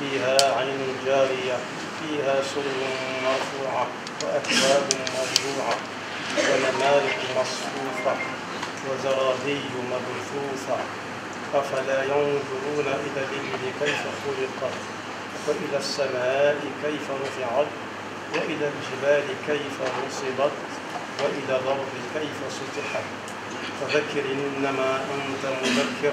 فيها عين جارية فيها سر مرفوعة وأكواب موضوعة ونمارق مصفوفة وزرابي مبثوثة أفلا ينظرون إلى الإبل كيف خلقت وإلى السماء كيف رفعت وإلى الجبال كيف نصبت وإلى الأرض كيف سطحت فذكر إنما أنت مذكر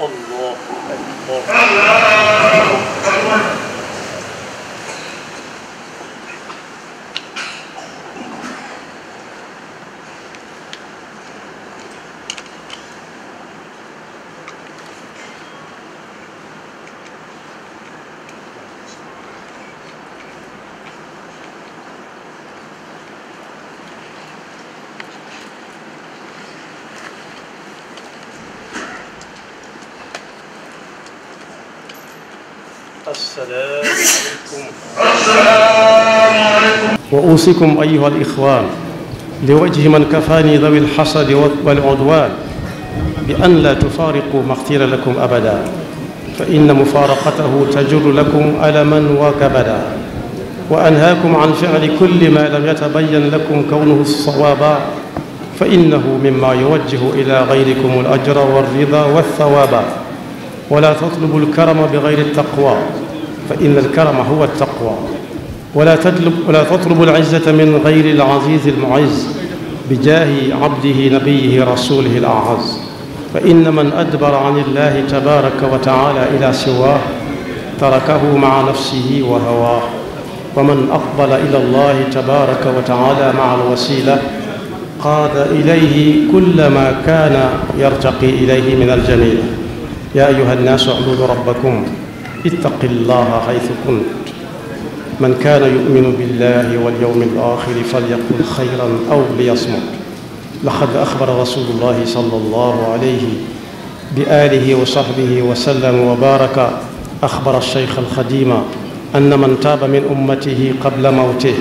الله أكبر الله أكبر السلام عليكم السلام عليكم وأوصيكم أيها الإخوان لوجه من كفاني ذوي الحسد والعدوان بأن لا تفارقوا ما اختير لكم أبدا فإن مفارقته تجر لكم ألما وكبدا وأنهاكم عن فعل كل ما لم يتبين لكم كونه الصوابا فإنه مما يوجه إلى غيركم الأجر والرضا والثوابا ولا تطلبوا الكرم بغير التقوى fa inna alkarama huwa altaqwa wala tatlub wala tatlubu alizzata min gayri alazizi almuizz bi jaahi abdihi nabiyihi rasulihi alaaz fa inna man adbara an illahi tabaraka wa taala ila siwah tarakahu maa nafsihi wa hawaah wa man aqbala ila allahi tabaraka wa taala maa alwasila qaada ilayhi kulla maa kaana yartaqi ilayhi min aljamila yaa ayyuha annaasu abudu rabbakum ittaqi llaha xaytu kunt man kaana yuminu billahi walyawmi alaxiri falyaqul xayran aw liyasmut laqad axbara rasulullahi sallallahu alayhi bi alihi wa sahbihi wa sallam wa baraka axbara alsheykh alxadima an man taaba min ummatihi qabla mawtih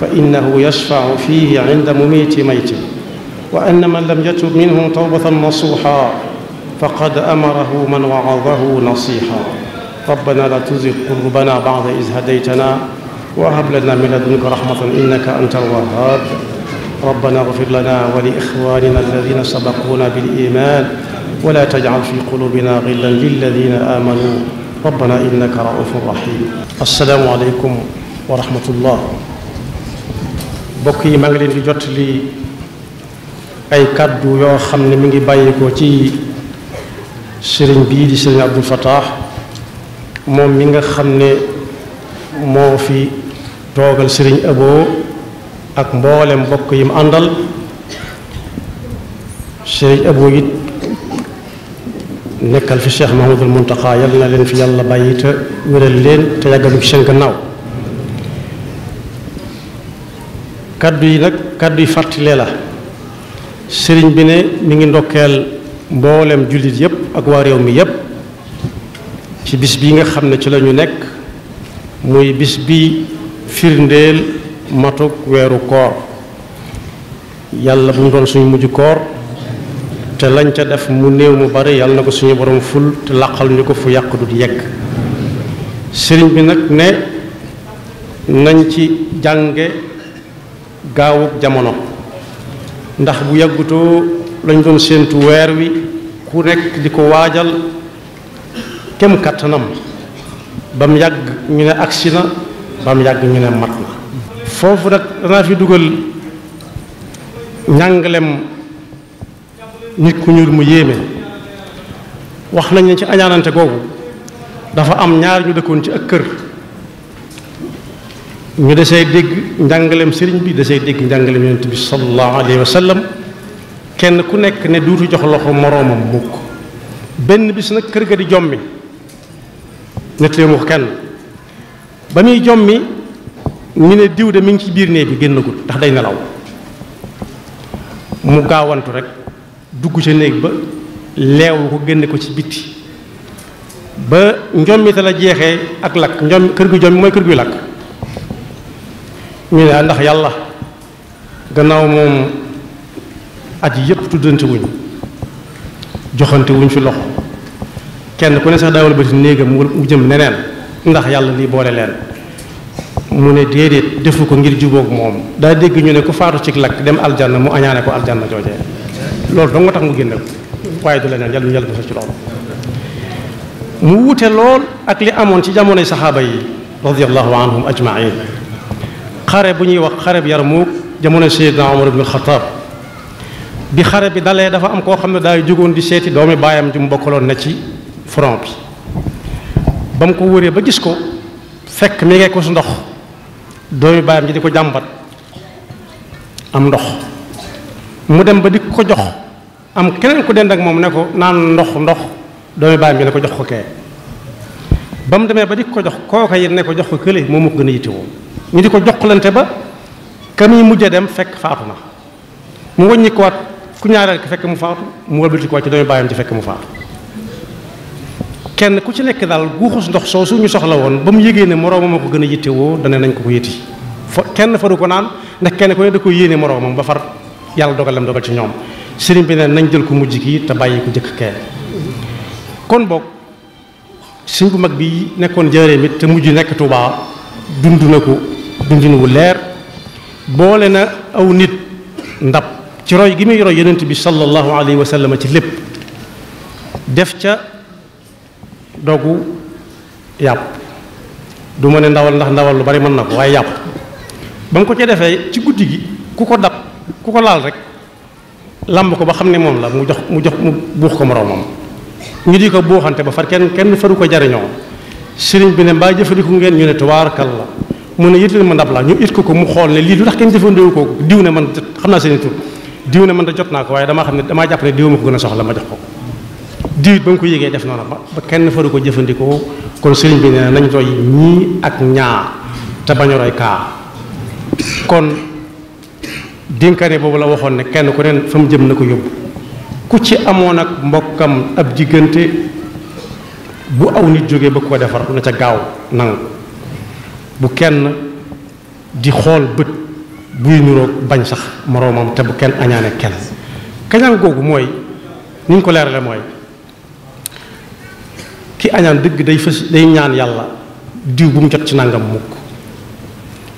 fa innahu yashfacu fihi cinda mumiiti mayti wa ann man lam yatub minhum tawbatan nasuuxa faqad amarahu man wacadahu nasiixa rabbana la tuzig qulubana ba'da iz hadaytana wa hab lana min ladunka rahmatan innaka antal wahhab rabbana ighfir lana wa li ikhwanina alladhina sabaquna bil iman wa la taj'al fi qulubina ghillan lil ladhina amanu rabbana innaka ra'ufun rahim assalaamu aleykum wa rahmatullah mbokk yi maa ngi leen di jot li ay kàddu yoo xam ne mi ngi bàyyi ko ci sëriñ bii di sëriñ Abdul Fattah moom mi nga xam ne moo fi toogal sëriñ Abo ak mboolem mbokk yi mu àndal sëriñ Abo it nekkal fi Cheikh Mahmadul Muntaxa yal na leen fi yàlla bàyyi te wéral leen te yàggalu ci seen gannaaw kaddu yi nag kaddu yi fàttalee la sëriñ bi ne mu ngi ndokkeel mboolem jullit yépp ak waa réew mi yépp ci bis bi nga xam ne ci lañu nekk muy bis bi firndeel matuk weeru koor yàlla bu mu doon suñu mujj koor te lañ ca def mu néew mu bari yàlla na ko suñu boroom ful te làqal ñu ko fu yàq du yegg sëriñ bi nag ne nañ ci jànge gaawug jamono ndax bu yàggutoo lañ doon séentu weer wi ku nekk di ko waajal kem kàttanam ba mu yàgg ñu ne agsi na ba mu yàgg ñu ne mat na foofu nag danaa fi dugal njàngalem nit ku ñuul mu yéeme wax nañ ne ci añaanante googu dafa am ñaar ñu dëkkoon ci ak kër ñu desee dégg njàngaleem sëriñ bi desee dégg njàngaleem yonent bi sallallahu alayhi wa sallam kenn ku nekk ne duutu jox loxo moroomam mukk benn bis nag kër ga di jommi nett mu wax kenn ba muy jommi mu ne diw de mi ngi ci biir néeg bi génnagul ndax day nelaw mu gaawantu rek dugg ci néeg ba leewu ko génne ko ci bitti ba njommi te la jeexee ak lakk njom kër gu jommi mooy kër guy lakk ñu ne ah, ndax yàlla gannaaw moom at yépp tuddante wuñ ci loxo kenn ku ne sax daawal bëti néegam mu jëm neneen ndax yàlla lii boole leen mu ne déedéet defu ko ngir jubóog moom daa dégg ñu ne ku faatu ci lakk dem aljanna mu añaane ko aljanna joojee loolu dong nga tax mu génne ko waaye du leneen yàlla ñu yàlla musal ci loolu mu wute lool ak li amoon ci jamonoy saxaaba yi radiallahu anhum ajmain xare bu ñuy wax xare bi Yarmuuk jamono Seydina Omar ibn Xataab bi xare bi dalee dafa am koo xam ne daay jógoon di seeti doomi baayam ji mu bokkaloon na ci front bi ba mu ko wëree ba gis ko fekk mi ngay ko su ndox doomi baayam ji di ko jàmbat am ndox mu dem ba dikk ko jox am keneen ku dend ak moom ne ko naan ndox ndox doomi baayam ji ne ko jox ko kee ba mu demee ba di ko jox kooka yi ne ko jox ko kële moom moo ko gën a yittewoo ñu di ko joxlante ba ka muy mujjee dem fekk faatu na mu wàññi ko ku ñaareel ko fekk mu faatu mu wëlbati ko waat ci doomi baayam ji fekk mu faatu kenn ku ci nekk daal guuxus ndox soosu ñu soxla woon ba mu yégee ne moroomam a ko gën a yitte woo dana nañ ko ko yëti fa kenn faru ko naan ndax kenn ku ne da ko yéene moroomam ba far yàlla dogalam dogal ci ñoom sëriñ bi ne nañ jël ko mujj kii te bàyyi ko jëkk kee kon boog sëñ mag bi nekkoon jaareem it te mujj nekk Tuubaa dund na ko dundin wu leer boole na aw nit ndab ci roy gi muy roy yonent bi sallallahu alayhi wa sallam ci lépp def ca dogu yàpp du ma ne ndawal ndax ndawal lu bari mën na ko waaye yàpp ba mu ko ci defee ci guddi gi ku ko dab ku ko laal rek lamb ko ba xam ne moom la mu jox mu jox mu buux ko moroomam ñu di ko buuxante ba far kenn kenn faru ko jariñoo sëriñ bi ne mbaa jëfandiku ngeen ñu ne tubaarkal la mu ne yëtal ma ndab la ñu it ko ko mu xool ne lii lu tax kenn jëfandiku ko diw ne man xam naa seen tur diw ne man da jot naa ko waaye damaa xam ne damaa jàpp ne diw a soxla ma jox ko diwit ba mu ko yëgee def noonu ba kenn faru ko jëfandikoo kon sëriñ bi nee nañ roy ñii ak ñaa te bañ a roy kon dénkaane boobu la waxoon ne kenn ku neen fa mu jëm na ko yóbbu ku ci amoon ak mbokkam ab diggante bu aw nit jógee bëgg ko defar na ca gaaw nangu bu kenn di xool bët buy niroog bañ sax moroomam te bu kenn añaane kenn kañaan googu mooy ni ñu ko leerale mooy ki añaan dëgg day day ñaan yàlla diw bu mu jot ci nangam mukk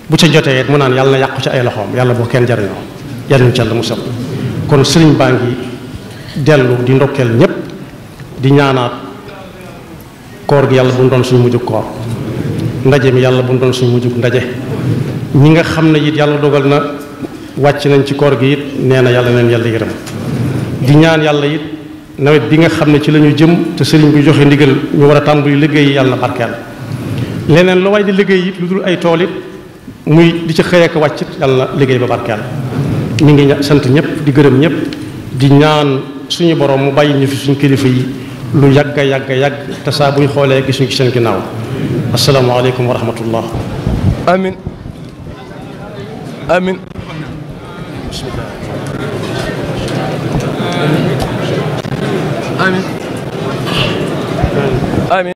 bu ca jotee mu naan yàlla na yàqu ci ay loxoom yàlla boo kenn jariñoo yàlla ci yàlla mu sal kon sëriñ baa ngi dellu di ndokkeel ñépp di ñaanaat koor gi yàlla bu mu doon suñu mujjug koor ndaje mi yàlla bu mu doon suñu mujjug ndaje ñi nga xam ne it yàlla dogal na wàcc nañ ci koor gi it nee na yàlla neen yàlla yërëm di ñaan yàlla it nawet bi nga xam ne ci lañu ñu jëm te sëriñ bi joxe ndigal ñu war a tàmbali liggéey yàlla na barkeel leneen lu waay di liggéey it lu dul ay tool it muy di ci xëyee ko wàcc yàlla na liggéey ba barkeel ñu ngi sant ñëpp di gërëm ñëpp di ñaan suñu borom mu bàyyi ñu fi suñu kilifa yi lu yàgg a yàgg yàgg te saa buñ xoolee gisuñu ci seen ginnaaw asalaamaaleykum wa rahmatullah amin amin amiin